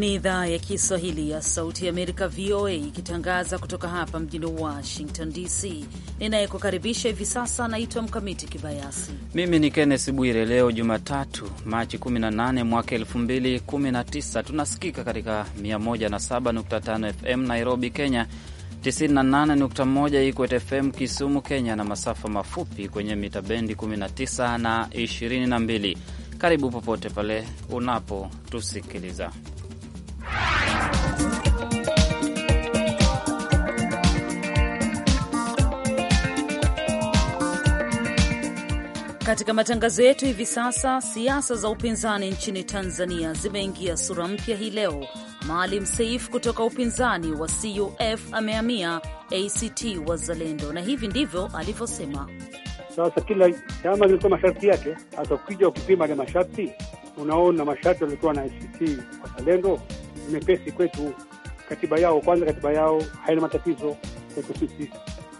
ni idhaa ya Kiswahili ya Sauti ya Amerika, VOA, ikitangaza kutoka hapa mjini Washington DC. Ninayekukaribisha hivi sasa anaitwa Mkamiti Kibayasi. Mimi ni Kennes Bwire. Leo Jumatatu, Machi 18 mwaka 2019, tunasikika katika 107.5 FM Nairobi, Kenya, 98.1 Ikwet FM Kisumu, Kenya, na masafa mafupi kwenye mita bendi 19 na 22. Karibu popote pale unapotusikiliza Katika matangazo yetu hivi sasa, siasa za upinzani nchini Tanzania zimeingia sura mpya hii leo. Maalim Seif kutoka upinzani wa CUF amehamia ACT Wazalendo, na hivi ndivyo alivyosema. Sasa kila chama zilikuwa masharti yake. Sasa ukija ukipima ile masharti, unaona masharti walikuwa na ACT Wazalendo mepesi kwetu. Katiba yao kwanza, katiba yao haina matatizo kwetu sisi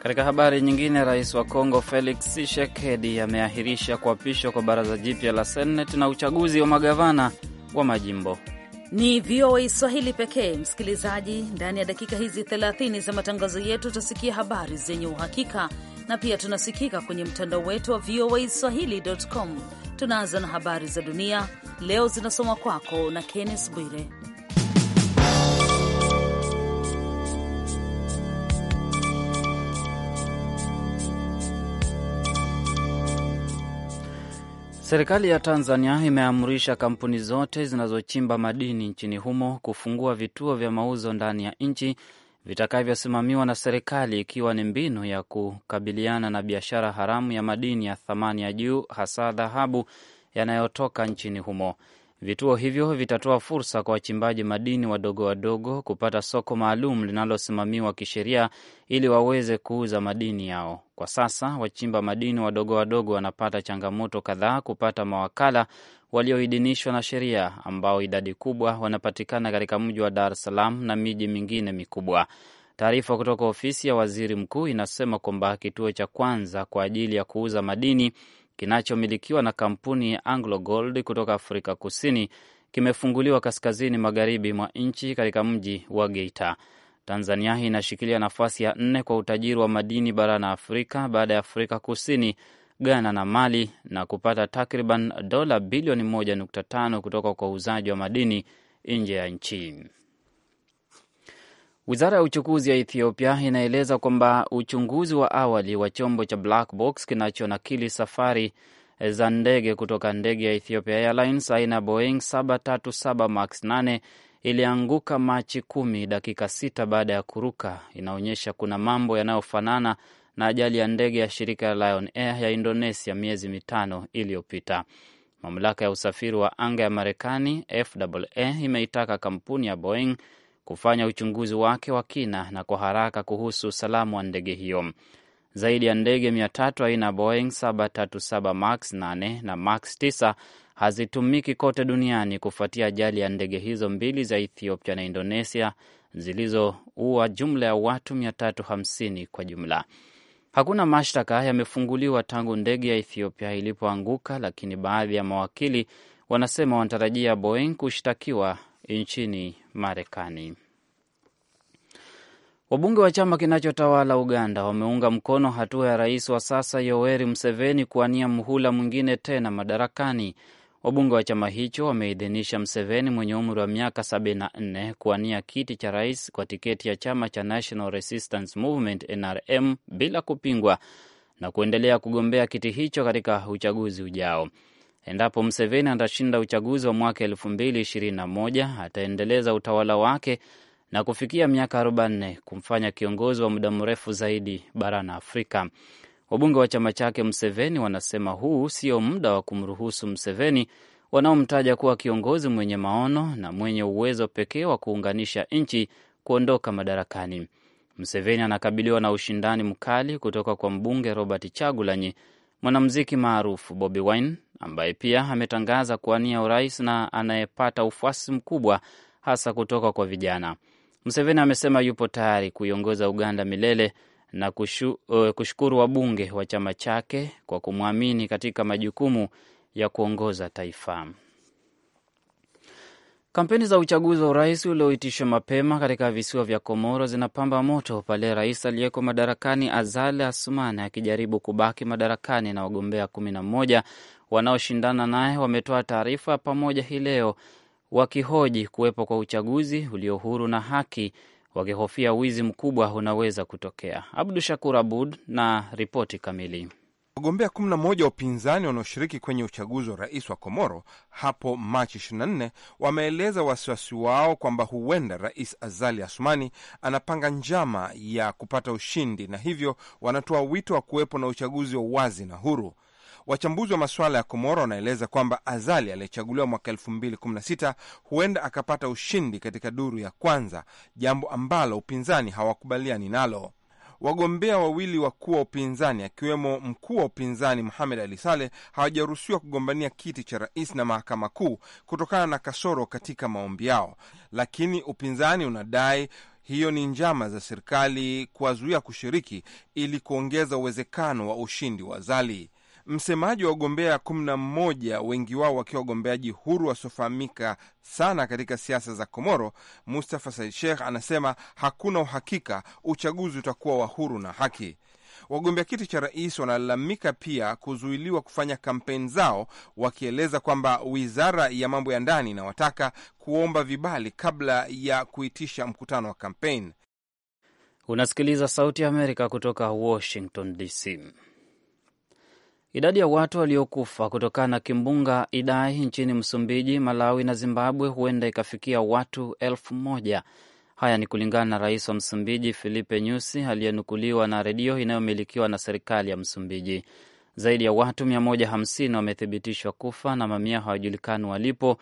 katika habari nyingine, rais wa Kongo Felix Tshisekedi ameahirisha kuapishwa kwa baraza jipya la seneti na uchaguzi wa magavana wa majimbo. Ni VOA Swahili pekee, msikilizaji. Ndani ya dakika hizi 30 za matangazo yetu utasikia habari zenye uhakika, na pia tunasikika kwenye mtandao wetu wa VOA Swahili.com. Tunaanza na habari za dunia leo, zinasoma kwako na Kennes Bwire. Serikali ya Tanzania imeamrisha kampuni zote zinazochimba madini nchini humo kufungua vituo vya mauzo ndani ya nchi vitakavyosimamiwa na serikali, ikiwa ni mbinu ya kukabiliana na biashara haramu ya madini ya thamani ya juu, hasa dhahabu yanayotoka nchini humo. Vituo hivyo vitatoa fursa kwa wachimbaji madini wadogo wadogo kupata soko maalum linalosimamiwa kisheria ili waweze kuuza madini yao. Kwa sasa wachimba madini wadogo wadogo wanapata changamoto kadhaa kupata mawakala walioidhinishwa na sheria, ambao idadi kubwa wanapatikana katika mji wa Dar es Salaam na miji mingine mikubwa. Taarifa kutoka ofisi ya waziri mkuu inasema kwamba kituo cha kwanza kwa ajili ya kuuza madini kinachomilikiwa na kampuni ya Anglo Gold kutoka Afrika Kusini kimefunguliwa kaskazini magharibi mwa nchi katika mji wa Geita. Tanzania inashikilia nafasi ya nne kwa utajiri wa madini barani Afrika baada ya Afrika Kusini, Ghana na Mali, na kupata takriban dola bilioni 1.5 kutoka kwa uuzaji wa madini nje ya nchi. Wizara ya uchukuzi ya Ethiopia inaeleza kwamba uchunguzi wa awali wa chombo cha black box kinachonakili safari eh, za ndege kutoka ndege ya Ethiopia Airlines aina ya Boeing 737 max 8 ilianguka Machi kumi, dakika sita baada ya kuruka, inaonyesha kuna mambo yanayofanana na ajali ya ndege ya shirika la Lion Air ya Indonesia miezi mitano iliyopita. Mamlaka ya usafiri wa anga ya Marekani FAA imeitaka kampuni ya Boeing kufanya uchunguzi wake wa kina na kwa haraka kuhusu usalama wa ndege hiyo. Zaidi ya ndege tatu aina ya Boeing 737 max 8 na max 9 hazitumiki kote duniani kufuatia ajali ya ndege hizo mbili za Ethiopia na Indonesia zilizoua jumla ya watu 350 kwa jumla. Hakuna mashtaka yamefunguliwa tangu ndege ya Ethiopia ilipoanguka, lakini baadhi ya mawakili wanasema wanatarajia Boeing kushtakiwa nchini Marekani. Wabunge wa chama kinachotawala Uganda wameunga mkono hatua ya rais wa sasa Yoweri Museveni kuwania muhula mwingine tena madarakani. Wabunge wa chama hicho wameidhinisha mseveni mwenye umri wa miaka 74 kuwania kiti cha rais kwa tiketi ya chama cha National Resistance Movement NRM bila kupingwa na kuendelea kugombea kiti hicho katika uchaguzi ujao. Endapo mseveni atashinda uchaguzi wa mwaka moja ataendeleza utawala wake na kufikia miaka 44 kumfanya kiongozi wa muda mrefu zaidi barani Afrika. Wabunge wa chama chake mseveni wanasema huu sio muda wa kumruhusu mseveni wanaomtaja kuwa kiongozi mwenye maono na mwenye uwezo pekee wa kuunganisha nchi kuondoka madarakani. mseveni anakabiliwa na ushindani mkali kutoka kwa mbunge Robert Chagulanyi Mwanamuziki maarufu Bobi Wine ambaye pia ametangaza kuwania urais na anayepata ufuasi mkubwa hasa kutoka kwa vijana. Museveni amesema yupo tayari kuiongoza Uganda milele na kushu, uh, kushukuru wabunge wa chama chake kwa kumwamini katika majukumu ya kuongoza taifa. Kampeni za uchaguzi wa urais ulioitishwa mapema katika visiwa vya Komoro zinapamba moto pale rais aliyeko madarakani Azali Asumani akijaribu kubaki madarakani na wagombea kumi na moja wanaoshindana naye wametoa taarifa pamoja hii leo wakihoji kuwepo kwa uchaguzi ulio huru na haki, wakihofia wizi mkubwa unaweza kutokea. Abdu Shakur Abud na ripoti kamili. Wagombea 11 wa upinzani wanaoshiriki kwenye uchaguzi wa rais wa Komoro hapo Machi 24 wameeleza wasiwasi wao kwamba huenda Rais Azali Asumani anapanga njama ya kupata ushindi, na hivyo wanatoa wito wa kuwepo na uchaguzi wa wazi na huru. Wachambuzi wa masuala ya Komoro wanaeleza kwamba Azali aliyechaguliwa mwaka 216 huenda akapata ushindi katika duru ya kwanza, jambo ambalo upinzani hawakubaliani nalo. Wagombea wawili wakuu wa upinzani akiwemo mkuu wa upinzani Muhamed Ali Saleh hawajaruhusiwa kugombania kiti cha rais na mahakama kuu kutokana na kasoro katika maombi yao, lakini upinzani unadai hiyo ni njama za serikali kuwazuia kushiriki ili kuongeza uwezekano wa ushindi wa Zali. Msemaji wa wagombea mmoja wengi wao wakiwa wagombeaji huru wasiofahamika sana katika siasa za Komoro, Mustafa Said Sheikh anasema hakuna uhakika uchaguzi utakuwa wa huru na haki. Wagombea kiti cha rais wanalalamika pia kuzuiliwa kufanya kampeni zao, wakieleza kwamba wizara ya mambo ya ndani inawataka kuomba vibali kabla ya kuitisha mkutano wa kampeni. Unasikiliza Sauti ya Amerika kutoka Washington DC. Idadi ya watu waliokufa kutokana na kimbunga Idai nchini Msumbiji, Malawi na Zimbabwe huenda ikafikia watu elfu moja. Haya ni kulingana na rais wa Msumbiji Filipe Nyusi aliyenukuliwa na redio inayomilikiwa na serikali ya Msumbiji. Zaidi ya watu 150 wamethibitishwa kufa na mamia hawajulikani walipo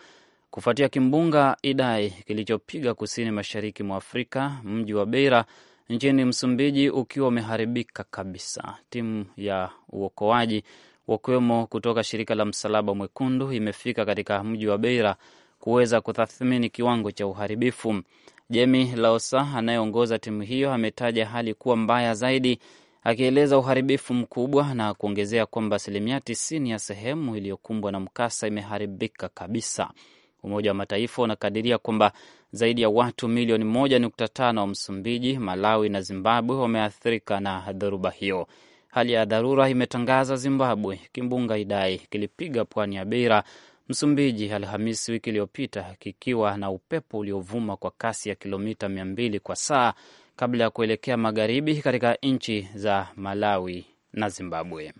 kufuatia kimbunga Idai kilichopiga kusini mashariki mwa Afrika, mji wa Beira nchini Msumbiji ukiwa umeharibika kabisa. Timu ya uokoaji wakiwemo kutoka shirika la Msalaba Mwekundu imefika katika mji wa Beira kuweza kutathmini kiwango cha uharibifu. Jemi Laosa anayeongoza timu hiyo ametaja hali kuwa mbaya zaidi, akieleza uharibifu mkubwa na kuongezea kwamba asilimia tisini ya sehemu iliyokumbwa na mkasa imeharibika kabisa. Umoja wa Mataifa unakadiria kwamba zaidi ya watu milioni 1.5 wa Msumbiji, Malawi na Zimbabwe wameathirika na dhoruba hiyo. Hali ya dharura imetangaza Zimbabwe. Kimbunga Idai kilipiga pwani ya Beira, Msumbiji, Alhamisi wiki iliyopita kikiwa na upepo uliovuma kwa kasi ya kilomita 200 kwa saa kabla ya kuelekea magharibi katika nchi za Malawi na Zimbabwe.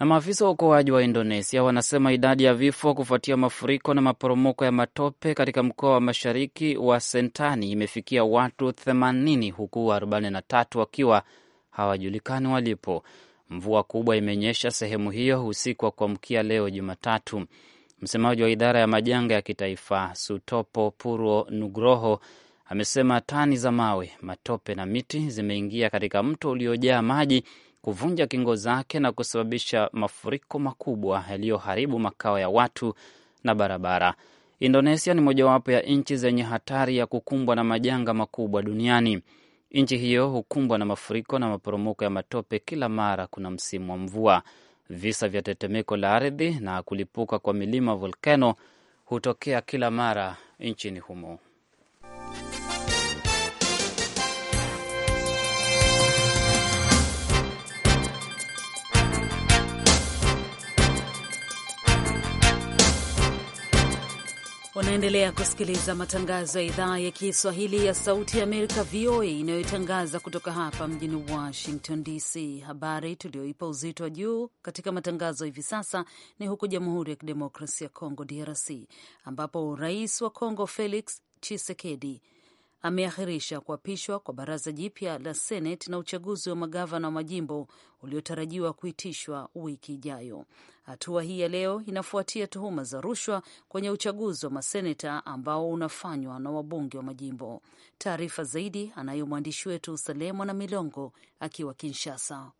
Na maafisa wa uokoaji wa Indonesia wanasema idadi ya vifo kufuatia mafuriko na maporomoko ya matope katika mkoa wa mashariki wa Sentani imefikia watu 80 huku 43 wakiwa hawajulikani walipo. Mvua kubwa imenyesha sehemu hiyo usiku wa kuamkia leo Jumatatu. Msemaji wa idara ya majanga ya kitaifa Sutopo puro Nugroho amesema tani za mawe, matope na miti zimeingia katika mto uliojaa maji kuvunja kingo zake na kusababisha mafuriko makubwa yaliyoharibu makao ya watu na barabara. Indonesia ni mojawapo ya nchi zenye hatari ya kukumbwa na majanga makubwa duniani. Nchi hiyo hukumbwa na mafuriko na maporomoko ya matope kila mara kuna msimu wa mvua. Visa vya tetemeko la ardhi na kulipuka kwa milima volkano hutokea kila mara nchini humo. Unaendelea kusikiliza matangazo ya idhaa ya Kiswahili ya Sauti ya Amerika, VOA, inayotangaza kutoka hapa mjini Washington DC. Habari tuliyoipa uzito wa juu katika matangazo hivi sasa ni huko Jamhuri ya Kidemokrasia ya Kongo, DRC, ambapo rais wa Kongo Felix Tshisekedi ameahirisha kuapishwa kwa baraza jipya la Seneti na uchaguzi wa magavana wa majimbo uliotarajiwa kuitishwa wiki ijayo. Hatua hii ya leo inafuatia tuhuma za rushwa kwenye uchaguzi wa maseneta ambao unafanywa na wabunge wa majimbo. Taarifa zaidi anayo mwandishi wetu Salemo na Milongo akiwa Kinshasa.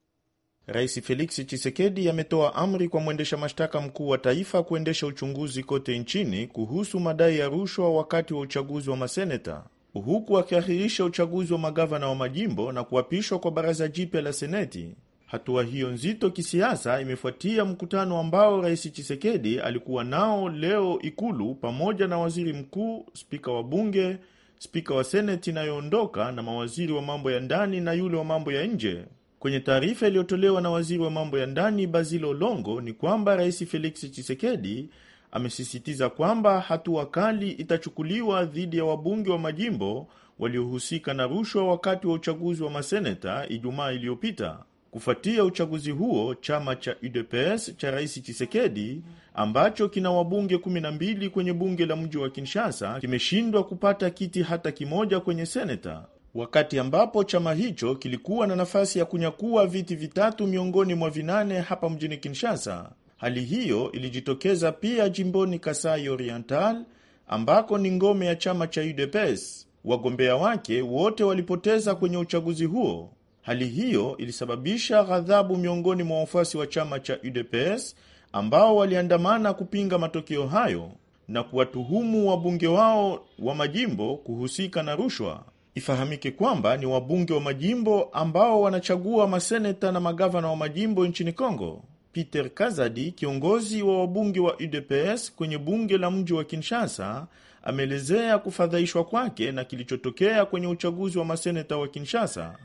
Rais feliksi Chisekedi ametoa amri kwa mwendesha mashtaka mkuu wa taifa kuendesha uchunguzi kote nchini kuhusu madai ya rushwa wakati wa uchaguzi wa maseneta huku akiahirisha uchaguzi wa magavana wa majimbo na kuapishwa kwa baraza jipya la Seneti. Hatua hiyo nzito kisiasa imefuatia mkutano ambao Rais Chisekedi alikuwa nao leo Ikulu pamoja na waziri mkuu, spika wa bunge, spika wa seneti inayoondoka na mawaziri wa mambo ya ndani na yule wa mambo ya nje. Kwenye taarifa iliyotolewa na waziri wa mambo ya ndani Basil Olongo ni kwamba Rais feliksi Chisekedi amesisitiza kwamba hatua kali itachukuliwa dhidi ya wabunge wa majimbo waliohusika na rushwa wakati wa uchaguzi wa maseneta Ijumaa iliyopita. Kufuatia uchaguzi huo, chama cha UDPS cha Rais Chisekedi ambacho kina wabunge 12 kwenye bunge la mji wa Kinshasa kimeshindwa kupata kiti hata kimoja kwenye seneta, wakati ambapo chama hicho kilikuwa na nafasi ya kunyakua viti vitatu miongoni mwa vinane hapa mjini Kinshasa. Hali hiyo ilijitokeza pia jimboni Kasai Oriental ambako ni ngome ya chama cha UDPS. Wagombea wake wote walipoteza kwenye uchaguzi huo. Hali hiyo ilisababisha ghadhabu miongoni mwa wafuasi wa chama cha UDPS ambao waliandamana kupinga matokeo hayo na kuwatuhumu wabunge wao wa majimbo kuhusika na rushwa. Ifahamike kwamba ni wabunge wa majimbo ambao wanachagua maseneta na magavana wa majimbo nchini Kongo. Peter Kazadi, kiongozi wa wabunge wa UDPS kwenye bunge la mji wa Kinshasa, ameelezea kufadhaishwa kwake na kilichotokea kwenye uchaguzi wa maseneta wa Kinshasa.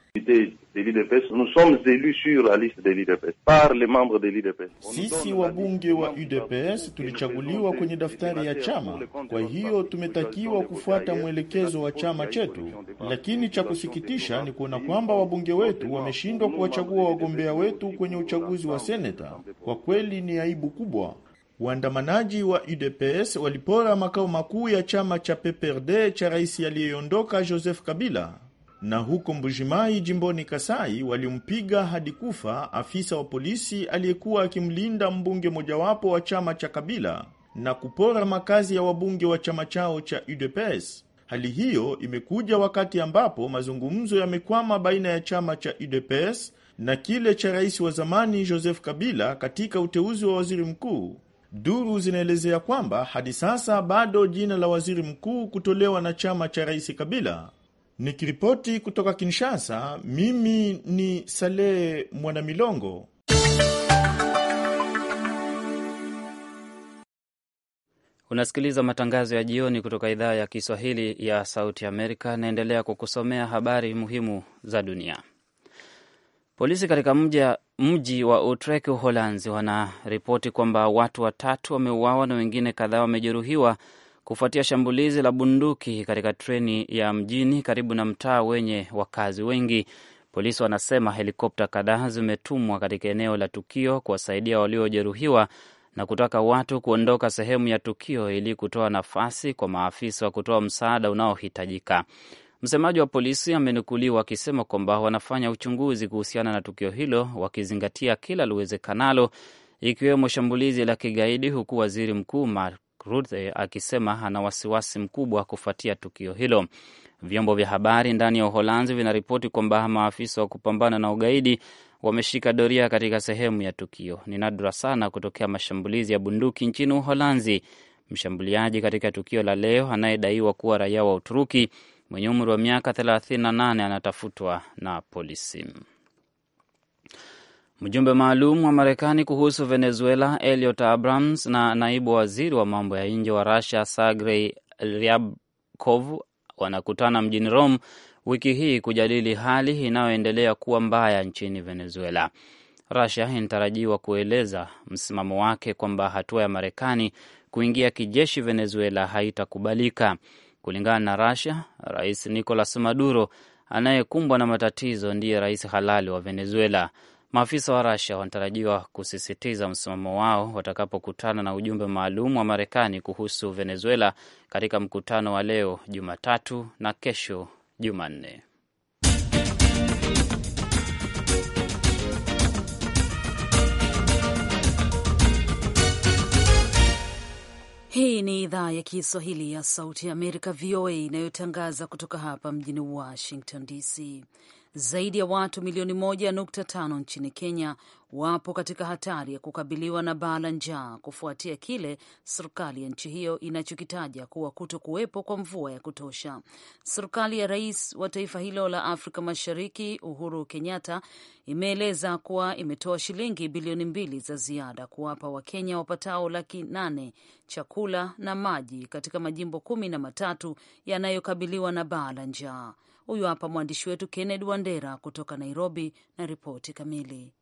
Sisi wabunge wa UDPS tulichaguliwa kwenye daftari ya chama, kwa hiyo tumetakiwa kufuata mwelekezo wa chama chetu, lakini cha kusikitisha ni kuona kwamba wabunge wetu wameshindwa kuwachagua wagombea wetu kwenye uchaguzi wa seneta. Kwa kweli ni aibu kubwa. Waandamanaji wa UDPS walipora makao makuu ya chama cha PPRD cha rais aliyeondoka Joseph Kabila, na huko Mbujimai jimboni Kasai walimpiga hadi kufa afisa wa polisi aliyekuwa akimlinda mbunge mojawapo wa chama cha Kabila na kupora makazi ya wabunge wa chama chao cha UDPS. Hali hiyo imekuja wakati ambapo mazungumzo yamekwama baina ya chama cha UDPS na kile cha rais wa zamani Joseph Kabila katika uteuzi wa waziri mkuu. Duru zinaelezea kwamba hadi sasa bado jina la waziri mkuu kutolewa na chama cha rais Kabila. Nikiripoti kutoka Kinshasa, mimi ni Saleh Mwanamilongo. Unasikiliza matangazo ya jioni kutoka idhaa ya Kiswahili ya Sauti Amerika. Naendelea kukusomea habari muhimu za dunia. Polisi katika mji wa utrek Uholanzi, wanaripoti kwamba watu watatu wameuawa na wengine kadhaa wamejeruhiwa kufuatia shambulizi la bunduki katika treni ya mjini karibu na mtaa wenye wakazi wengi. Polisi wanasema helikopta kadhaa zimetumwa katika eneo la tukio kuwasaidia waliojeruhiwa na kutaka watu kuondoka sehemu ya tukio ili kutoa nafasi kwa maafisa wa kutoa msaada unaohitajika. Msemaji wa polisi amenukuliwa akisema kwamba wanafanya uchunguzi kuhusiana na tukio hilo wakizingatia kila liwezekanalo, ikiwemo shambulizi la kigaidi, huku waziri mkuu Mark Rutte akisema ana wasiwasi mkubwa kufuatia tukio hilo. Vyombo vya habari ndani ya Uholanzi vinaripoti kwamba maafisa wa kupambana na ugaidi wameshika doria katika sehemu ya tukio. Ni nadra sana kutokea mashambulizi ya bunduki nchini Uholanzi. Mshambuliaji katika tukio la leo anayedaiwa kuwa raia wa Uturuki mwenye umri wa miaka 38 anatafutwa na polisi. Mjumbe maalum wa Marekani kuhusu Venezuela Eliot Abrams na naibu waziri wa mambo ya nje wa Rusia Sergey Ryabkov wanakutana mjini Rome wiki hii kujadili hali inayoendelea kuwa mbaya nchini Venezuela. Rusia inatarajiwa kueleza msimamo wake kwamba hatua ya Marekani kuingia kijeshi Venezuela haitakubalika. Kulingana na rasia Rais Nicolas Maduro anayekumbwa na matatizo ndiye rais halali wa Venezuela. Maafisa wa rasia wanatarajiwa kusisitiza msimamo wao watakapokutana na ujumbe maalum wa Marekani kuhusu Venezuela katika mkutano wa leo Jumatatu na kesho Jumanne. Hii ni idhaa ya Kiswahili ya Sauti ya Amerika, VOA, inayotangaza kutoka hapa mjini Washington DC. Zaidi ya watu milioni moja nukta tano nchini Kenya wapo katika hatari ya kukabiliwa na baa la njaa kufuatia kile serikali ya nchi hiyo inachokitaja kuwa kuto kuwepo kwa mvua ya kutosha. Serikali ya rais wa taifa hilo la Afrika Mashariki Uhuru Kenyatta imeeleza kuwa imetoa shilingi bilioni mbili za ziada kuwapa Wakenya wapatao laki nane chakula na maji katika majimbo kumi na matatu yanayokabiliwa na baa la njaa. Huyu hapa mwandishi wetu Kennedy Wandera kutoka Nairobi na ripoti kamili.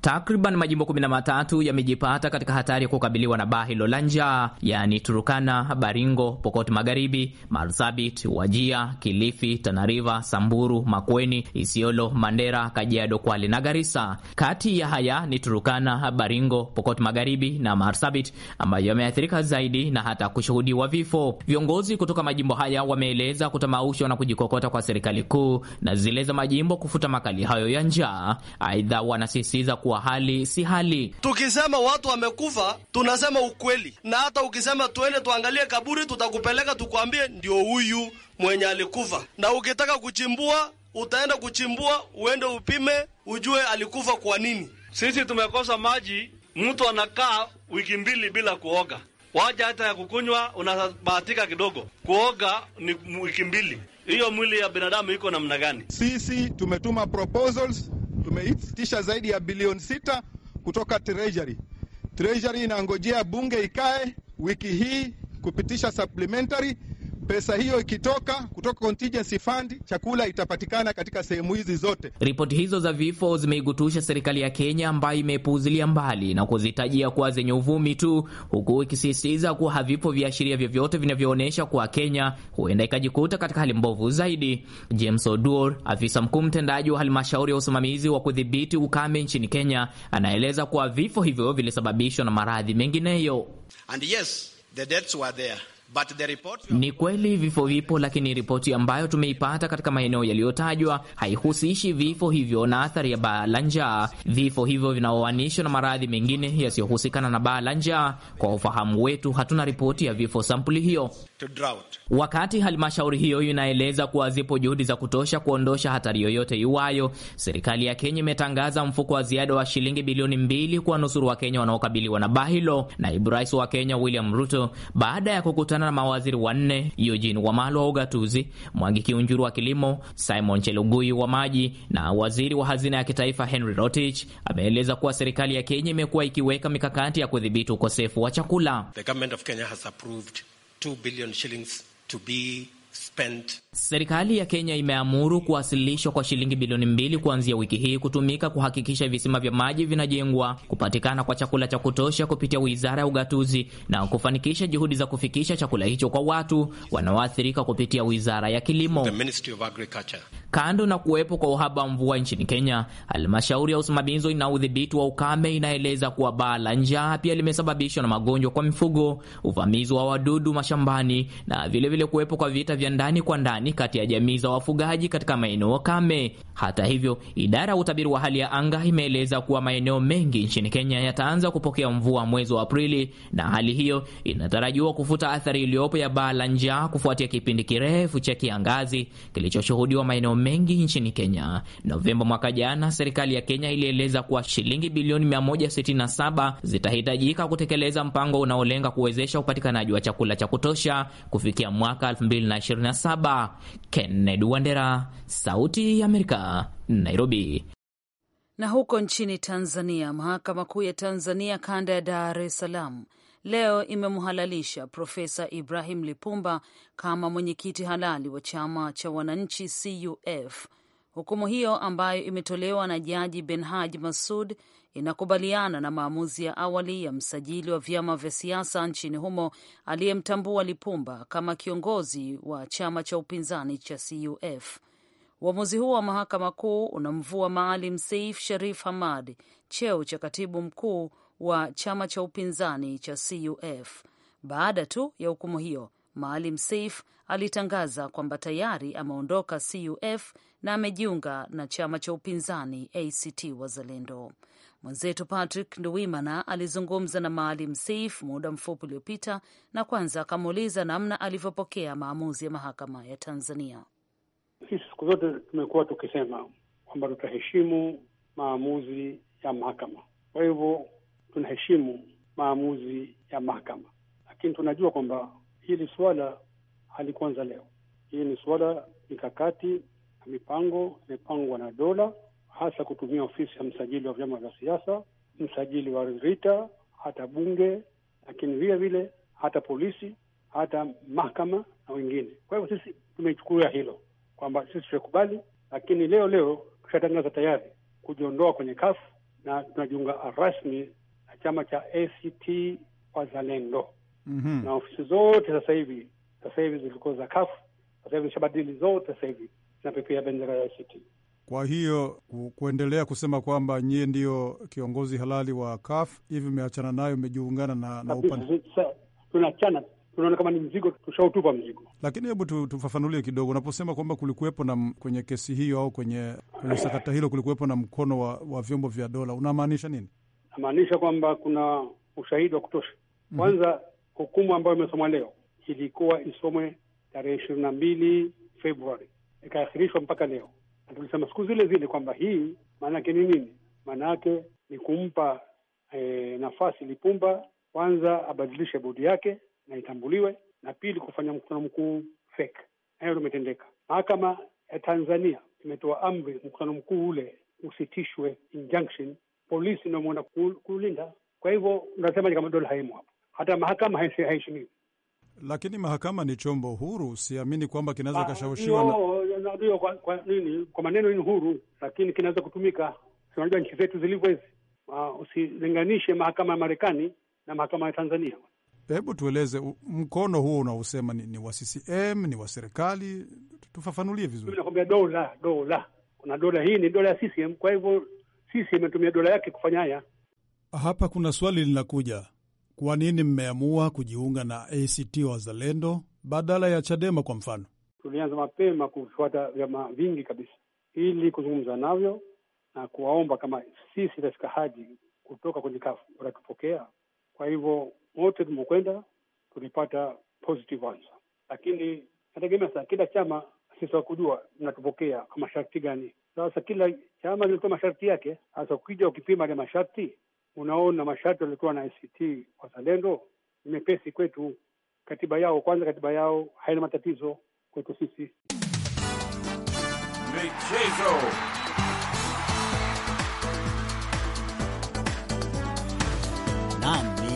Takriban majimbo 13 yamejipata katika hatari ya kukabiliwa na baa hilo la njaa, yaani Turukana, Baringo, Pokot Magharibi, Marsabit, Wajia, Kilifi, Tanariva, Samburu, Makweni, Isiolo, Mandera, Kajiado, Kwale na Garisa. Kati ya haya ni Turukana, Baringo, Pokot Magharibi na Marsabit ambayo yameathirika zaidi na hata kushuhudiwa vifo. Viongozi kutoka majimbo haya wameeleza kutamaushwa na kujikokota kwa serikali kuu na zile za majimbo kufuta makali hayo ya njaa. Aidha, wanasisitiza kuwa kuwa hali si hali. Tukisema watu wamekufa, tunasema ukweli, na hata ukisema tuende tuangalie kaburi, tutakupeleka tukwambie ndio huyu mwenye alikufa, na ukitaka kuchimbua utaenda kuchimbua, uende upime, ujue alikufa kwa nini. Sisi tumekosa maji, mtu anakaa wiki mbili bila kuoga, waja hata ya kukunywa unabahatika kidogo, kuoga ni wiki mbili. Hiyo mwili ya binadamu iko namna gani? Sisi tumetuma proposals tumeitisha zaidi ya bilioni sita kutoka Treasury. Treasury inangojea bunge ikae wiki hii kupitisha supplementary Pesa hiyo ikitoka kutoka contingency fund, chakula itapatikana katika sehemu hizi zote. Ripoti hizo za vifo zimeigutusha serikali ya Kenya ambayo imepuuzilia mbali na kuzitajia kuwa zenye uvumi tu, huku ikisisitiza kuwa havipo viashiria vyovyote vinavyoonyesha kuwa Kenya huenda ikajikuta katika hali mbovu zaidi. James Odur, afisa mkuu mtendaji wa halmashauri ya usimamizi wa kudhibiti ukame nchini Kenya, anaeleza kuwa vifo hivyo vilisababishwa na maradhi mengineyo. And yes, the deaths were there ni kweli vifo vipo, lakini ripoti ambayo tumeipata katika maeneo yaliyotajwa haihusishi vifo hivyo na athari ya baa la njaa. Vifo hivyo vinaoanishwa na maradhi mengine yasiyohusikana na baa la njaa. Kwa ufahamu wetu, hatuna ripoti ya vifo sampuli hiyo. Wakati halmashauri hiyo inaeleza kuwa zipo juhudi za kutosha kuondosha hatari yoyote iwayo, serikali ya Kenya imetangaza mfuko wa ziada wa shilingi bilioni mbili kuwanusuru Wakenya wanaokabiliwa na baa hilo. Naibu rais wa Kenya William Ruto baada ya kukuta amekutana na mawaziri wanne Eugene Wamalwa wa ugatuzi, Mwangi Kiunjuru wa kilimo, Simon Chelugui wa maji na waziri wa hazina ya kitaifa Henry Rotich ameeleza kuwa serikali ya Kenya imekuwa ikiweka mikakati ya kudhibiti ukosefu wa chakula. The government of Kenya has approved 2 billion shillings to be spent. Serikali ya Kenya imeamuru kuwasilishwa kwa shilingi bilioni mbili kuanzia wiki hii kutumika kuhakikisha visima vya maji vinajengwa, kupatikana kwa chakula cha kutosha kupitia wizara ya ugatuzi na kufanikisha juhudi za kufikisha chakula hicho kwa watu wanaoathirika kupitia wizara ya kilimo. Kando na kuwepo kwa uhaba wa mvua nchini Kenya, halmashauri ya usimamizi na udhibiti wa ukame inaeleza kuwa baa la njaa pia limesababishwa na magonjwa kwa mifugo, uvamizi wa wadudu mashambani na vilevile kuwepo kwa vita vya ndani kwa ndani kati ya jamii za wafugaji katika maeneo kame. Hata hivyo, idara ya utabiri wa hali ya anga imeeleza kuwa maeneo mengi nchini Kenya yataanza kupokea mvua mwezi wa Aprili, na hali hiyo inatarajiwa kufuta athari iliyopo ya baa la njaa kufuatia kipindi kirefu cha kiangazi kilichoshuhudiwa maeneo mengi nchini Kenya. Novemba mwaka jana, serikali ya Kenya ilieleza kuwa shilingi bilioni 167 zitahitajika kutekeleza mpango unaolenga kuwezesha upatikanaji wa chakula cha kutosha kufikia mwaka 2027. Kennedy Wandera, Sauti ya Amerika, Nairobi. Na huko nchini Tanzania, mahakama kuu ya Tanzania kanda ya Dar es Salaam leo imemhalalisha Profesa Ibrahim Lipumba kama mwenyekiti halali wa chama cha wananchi CUF. Hukumu hiyo ambayo imetolewa na Jaji Benhaj Masud inakubaliana na maamuzi ya awali ya msajili wa vyama vya siasa nchini humo aliyemtambua Lipumba kama kiongozi wa chama cha upinzani cha CUF. Uamuzi huo wa mahakama kuu unamvua Maalim Seif Sharif Hamad cheo cha katibu mkuu wa chama cha upinzani cha CUF. Baada tu ya hukumu hiyo, Maalim Seif alitangaza kwamba tayari ameondoka CUF na amejiunga na chama cha upinzani ACT Wazalendo. Mwenzetu Patrick Nduwimana alizungumza na Maalim Seif muda mfupi uliopita, na kwanza akamuuliza namna alivyopokea maamuzi ya mahakama ya Tanzania. Sisi siku zote tumekuwa tukisema kwamba tutaheshimu maamuzi ya mahakama. Kwa hivyo tunaheshimu maamuzi ya mahakama, lakini tunajua kwamba hili suala halikuanza leo. Hii ni suala mikakati na mipango imepangwa na dola, hasa kutumia ofisi ya msajili wa vyama vya siasa, msajili wa RITA, hata bunge, lakini vile vile hata polisi, hata mahakama na wengine. Kwa hivyo sisi tumechukulia hilo kwamba sisi tutakubali, lakini leo leo tushatangaza tayari kujiondoa kwenye kafu na tunajiunga rasmi chama cha ACT Wazalendo mm -hmm. na ofisi zote sasa hivi sasa hivi zilikuwa za kafu sasa hivi nishabadili zote sasa hivi zinapepea bendera ya ACT. Kwa hiyo kuendelea kusema kwamba nyie ndio kiongozi halali wa kaf hivi mmeachana nayo, mmejiungana na, na upande tunaachana, tunaona kama ni mzigo, tushautupa mzigo. Lakini hebu tu, tufafanulie kidogo, unaposema kwamba kulikuwepo na kwenye kesi hiyo au kwenye, kwenye sakata hilo kulikuwepo na mkono wa, wa vyombo vya dola unamaanisha nini? namaanisha kwamba kuna ushahidi wa kutosha. Mhm. Kwanza, hukumu ambayo imesomwa leo ilikuwa isomwe tarehe ishirini na mbili Februari, ikaakhirishwa mpaka leo, na tulisema siku zile zile kwamba hii maana yake ni nini? Maana yake ni kumpa e, nafasi Lipumba kwanza abadilishe bodi yake na itambuliwe, na pili kufanya mkutano mkuu fake. Hayo ndio Mahakama ya Tanzania imetoa amri mkutano mkuu ule usitishwe, injunction polisi ndio mwenda kulinda. Kwa hivyo unasema ni kama dola haimu hapo, hata mahakama haiheshimiwi. Lakini mahakama ni chombo huru, siamini kwamba kinaweza ah, kashawishiwa Na, kwa, kwa nini kwa maneno ni huru, lakini kinaweza kutumika. Unajua nchi zetu zilivyo hizi. Uh, usilinganishe mahakama ya Marekani na mahakama ya Tanzania. Hebu tueleze mkono huo unaosema ni, ni wa CCM ni wa serikali, tufafanulie vizuri. Nakwambia dola dola, kuna dola hii ni dola ya CCM, kwa hivyo sisi imetumia dola yake kufanya haya. Hapa kuna swali linakuja, kwa nini mmeamua kujiunga na ACT Wazalendo badala ya Chadema kwa mfano? Tulianza mapema kufuata vyama vingi kabisa ili kuzungumza navyo na kuwaomba kama sisi tafika haji kutoka kwenye kafu watatupokea. Kwa hivyo wote tumekwenda, tulipata positive answer, lakini nategemea sasa kila chama sisi wakujua mnatupokea kwa masharti gani. Sasa kila chama kilikuwa masharti yake. Sasa ukija ukipima ile masharti, unaona masharti walikuwa na ACT Wazalendo ni mepesi kwetu. Katiba yao kwanza, katiba yao haina matatizo kwetu sisi. Michezo.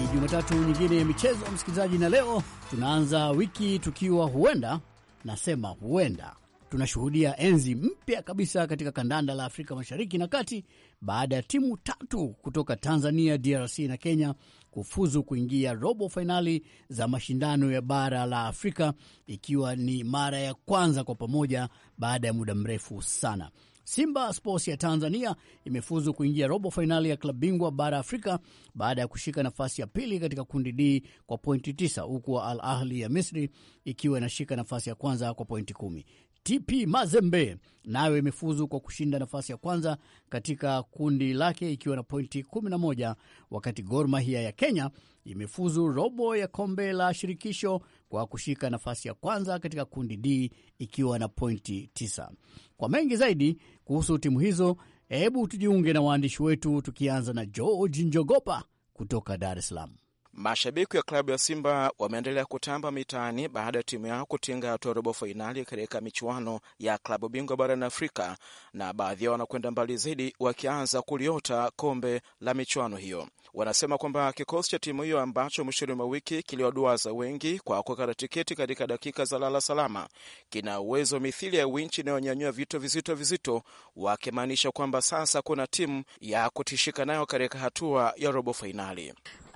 Ni Jumatatu nyingine ya michezo, msikilizaji, na leo tunaanza wiki tukiwa huenda, nasema huenda tunashuhudia enzi mpya kabisa katika kandanda la Afrika Mashariki na Kati baada ya timu tatu kutoka Tanzania, DRC na Kenya kufuzu kuingia robo fainali za mashindano ya bara la Afrika, ikiwa ni mara ya kwanza kwa pamoja baada ya muda mrefu sana. Simba Sports ya Tanzania imefuzu kuingia robo fainali ya klabu bingwa bara Afrika baada ya kushika nafasi ya pili katika kundi D kwa pointi 9 huku Al Ahli ya Misri ikiwa inashika nafasi ya kwanza kwa pointi kumi. TP Mazembe nayo imefuzu kwa kushinda nafasi ya kwanza katika kundi lake ikiwa na pointi 11, wakati Gor Mahia ya Kenya imefuzu robo ya kombe la shirikisho kwa kushika nafasi ya kwanza katika kundi D ikiwa na pointi 9. Kwa mengi zaidi kuhusu timu hizo, hebu tujiunge na waandishi wetu tukianza na George Njogopa kutoka Dar es Salaam. Mashabiki wa klabu ya Simba wameendelea kutamba mitaani baada ya timu yao kutinga hatua robo fainali katika michuano ya klabu bingwa barani Afrika, na baadhi yao wanakwenda mbali zaidi, wakianza kuliota kombe la michuano hiyo. Wanasema kwamba kikosi cha timu hiyo ambacho mwishoni mwa wiki kiliwaduaza wengi kwa kukata tiketi katika dakika za lala salama kina uwezo mithili ya winchi inayonyanyua vitu vizito vizito, wakimaanisha kwamba sasa kuna timu ya kutishika nayo katika hatua ya robo fainali.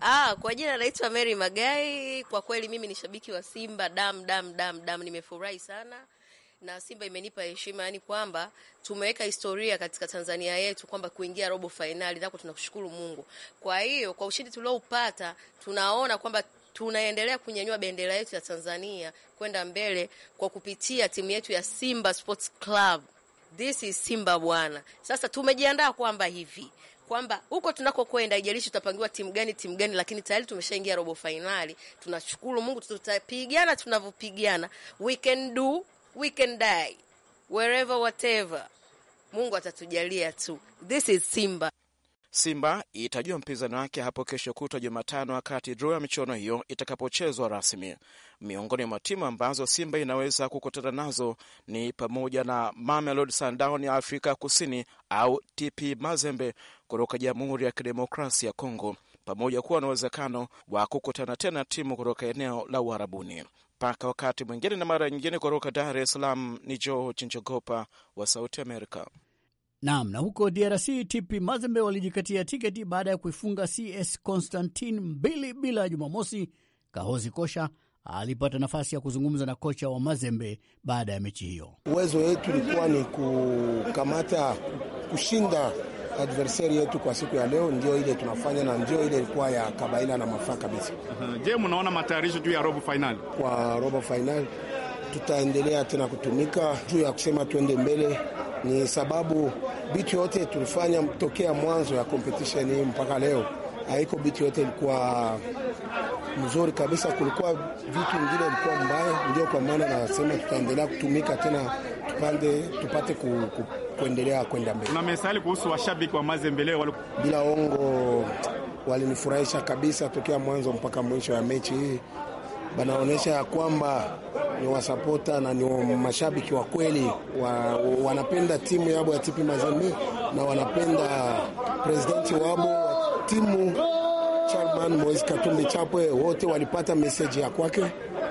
Ah, kwa jina naitwa Mary Magai. Kwa kweli mimi ni shabiki wa Simba dam dam dam dam, nimefurahi sana na Simba imenipa heshima, yani kwamba tumeweka historia katika Tanzania yetu kwamba kuingia robo fainali, nako tunakushukuru Mungu. Kwa hiyo kwa ushindi tulioupata, tunaona kwamba tunaendelea kunyanyua bendera yetu ya Tanzania kwenda mbele kwa kupitia timu yetu ya Simba Sports Club. This is Simba bwana. Sasa tumejiandaa kwamba hivi kwamba huko tunakokwenda, ijalishi tutapangiwa timu gani timu gani, lakini tayari tumeshaingia robo fainali. Tunashukuru Mungu, tutapigana tunavyopigana, we can do we can die wherever whatever, Mungu atatujalia tu. This is Simba. Simba itajua mpinzani wake hapo kesho kutwa Jumatano, wakati draw ya michuano hiyo itakapochezwa rasmi. Miongoni mwa timu ambazo Simba inaweza kukutana nazo ni pamoja na Mamelodi Sundowns ya Afrika Kusini au TP Mazembe kutoka Jamhuri ya Kidemokrasia ya Kongo, pamoja kuwa na uwezekano wa kukutana tena timu kutoka eneo la Uharabuni mpaka wakati mwingine na mara nyingine. Kutoka Dar es Salaam ni George Njogopa wa Sauti Amerika. Naam, na huko DRC TP Mazembe walijikatia tiketi baada ya kuifunga CS Constantine mbili bila ya Jumamosi. Kahozi Kosha alipata nafasi ya kuzungumza na kocha wa Mazembe baada ya mechi hiyo. Uwezo wetu ilikuwa ni kukamata kushinda adversari yetu kwa siku ya leo ndio ile tunafanya na ndio ile ilikuwa ya kabaila na mafaa kabisa. Uh-huh. Je, mnaona matayarisho juu ya robo fainali? Kwa robo fainali tutaendelea tena kutumika juu ya kusema tuende mbele, ni sababu bitu yote tulifanya tokea mwanzo ya competition hii mpaka leo haiko bitu yote ilikuwa mzuri kabisa, kulikuwa vitu ingine ilikuwa mbaya. Ndio kwa maana nasema tutaendelea kutumika tena tupande tupate ku, ku, kuendelea kwenda mbele. Una mesali kuhusu washabiki wa Mazembe wali... bila ongo walinifurahisha kabisa tokea mwanzo mpaka mwisho ya mechi hii, banaonyesha ya kwamba ni wasapota na ni mashabiki wa kweli wa, wanapenda timu yabo ya TP Mazembe na wanapenda presidenti wabo timu chairman Moise Katumbi Chapwe wote walipata meseji ya kwake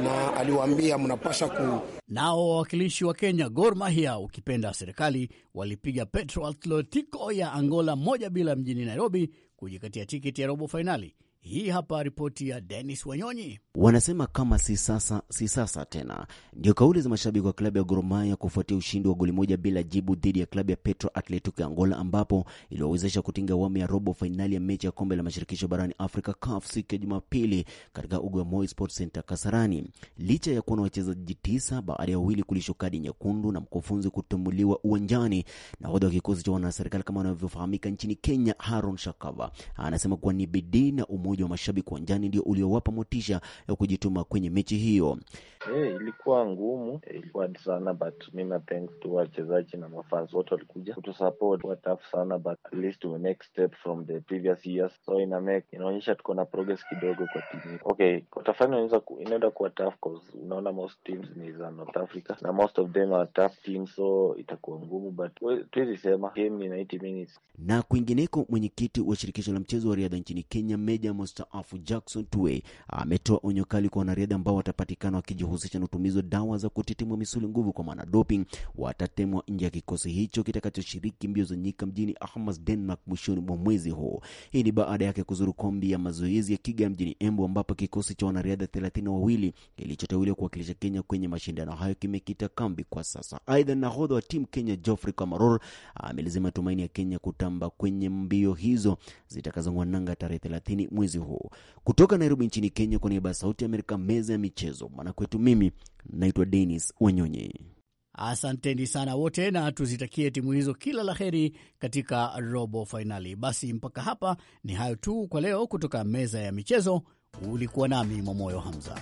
na aliwaambia mnapasha ku. Nao wawakilishi wa Kenya, Gor Mahia ukipenda serikali, walipiga Petro Atletico ya Angola moja bila mjini Nairobi kujikatia tiketi ya robo fainali hii hapa ripoti ya denis Wanyonyi. Wanasema kama si sasa, si sasa tena, ndio kauli za mashabiki wa klabu ya Gor Mahia kufuatia ushindi wa goli moja bila jibu dhidi ya klabu ya Petro Atletico ya Angola, ambapo iliwawezesha kutinga awamu ya robo fainali ya mechi ya kombe la mashirikisho barani Afrika CAF siku ya Jumapili katika ugo wa Moi Sports Center Kasarani, licha ya kuwa na wachezaji tisa, baada ya wawili kulishwa kadi nyekundu na mkufunzi kutumuliwa uwanjani. Nahodha wa kikosi cha wanaserikali kama wanavyofahamika nchini Kenya, Haron Shakava anasema kuwa ni bidii na umoja umoja wa mashabiki uwanjani ndio uliowapa motisha ya kujituma kwenye mechi hiyo. Hey, eh, ilikuwa ngumu, eh, ilikuwa sana but mi na thanks to wachezaji na mafans wote walikuja kutusupport wa tough sana but at least we next step from the previous years so ina make inaonyesha tuko na progress kidogo kwa timu. Okay, quarter final inaweza inaenda kuwa tough cause unaona most teams ni za North Africa na most of them are tough teams so itakuwa ngumu but tuwezi sema game ni 90 minutes. Na kwingineko, mwenyekiti wa shirikisho la mchezo wa riadha nchini Kenya Meja Mustaafu Jackson Tuwe ametoa onyo kali kwa wanariadha ambao watapatikana wakiji linalojihusisha na utumizi wa dawa za kutitimwa misuli nguvu kwa maana doping watatemwa nje ya kikosi hicho kitakachoshiriki mbio za nyika mjini Ahmas, Denmark mwishoni mwa mwezi huu. Hii ni baada yake kuzuru kombi ya mazoezi ya Kigali mjini Embu, ambapo kikosi cha wanariadha thelathini na wawili kilichoteuliwa kuwakilisha Kenya kwenye mashindano hayo kimekita kambi kwa sasa. Aidha, nahodha wa timu Kenya Geoffrey Kamaror amelizima tumaini ya Kenya kutamba kwenye mbio hizo zitakazongwa nanga tarehe 30 mwezi huu. Kutoka Nairobi nchini Kenya, kwa niaba ya Sauti ya Amerika, meza ya michezo, mwanakwetu mimi naitwa Denis Wanyonyi. Asanteni sana wote, na tuzitakie timu hizo kila la heri katika robo fainali. Basi mpaka hapa ni hayo tu kwa leo, kutoka meza ya michezo. Ulikuwa nami Mwamoyo Hamza.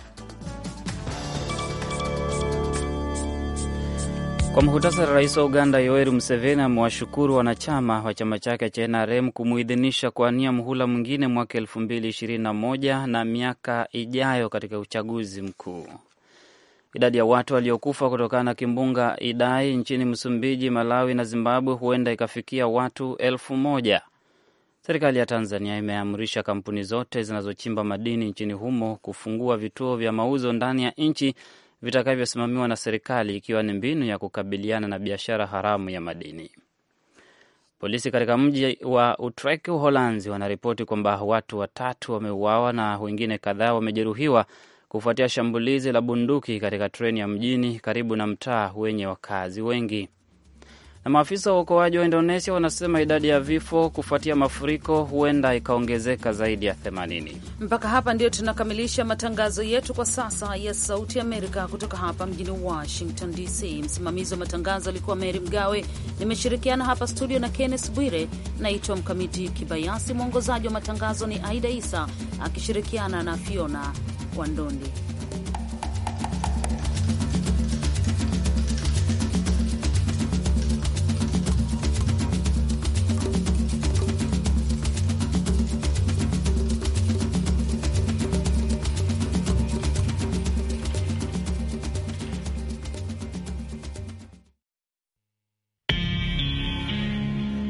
Kwa muhtasari, rais wa Uganda Yoweri Museveni amewashukuru wanachama wa chama chake cha NRM kumuidhinisha kuania mhula mwingine mwaka 221 na miaka ijayo katika uchaguzi mkuu. Idadi ya watu waliokufa kutokana na kimbunga Idai nchini Msumbiji, Malawi na Zimbabwe huenda ikafikia watu elfu moja. Serikali ya Tanzania imeamrisha kampuni zote zinazochimba madini nchini humo kufungua vituo vya mauzo ndani ya nchi vitakavyosimamiwa na serikali, ikiwa ni mbinu ya kukabiliana na biashara haramu ya madini. Polisi katika mji wa Utrecht, Uholanzi, wanaripoti kwamba watu watatu wameuawa na wengine kadhaa wamejeruhiwa kufuatia shambulizi la bunduki katika treni ya mjini karibu na mtaa wenye wakazi wengi. Na maafisa wa uokoaji wa Indonesia wanasema idadi ya vifo kufuatia mafuriko huenda ikaongezeka zaidi ya 80. Mpaka hapa ndio tunakamilisha matangazo yetu kwa sasa ya Sauti Amerika kutoka hapa mjini Washington DC. Msimamizi wa matangazo alikuwa Meri Mgawe, nimeshirikiana hapa studio na Kenneth Bwire. Naitwa Mkamiti Kibayasi, mwongozaji wa matangazo ni Aida Isa akishirikiana na Fiona kwa ndondi.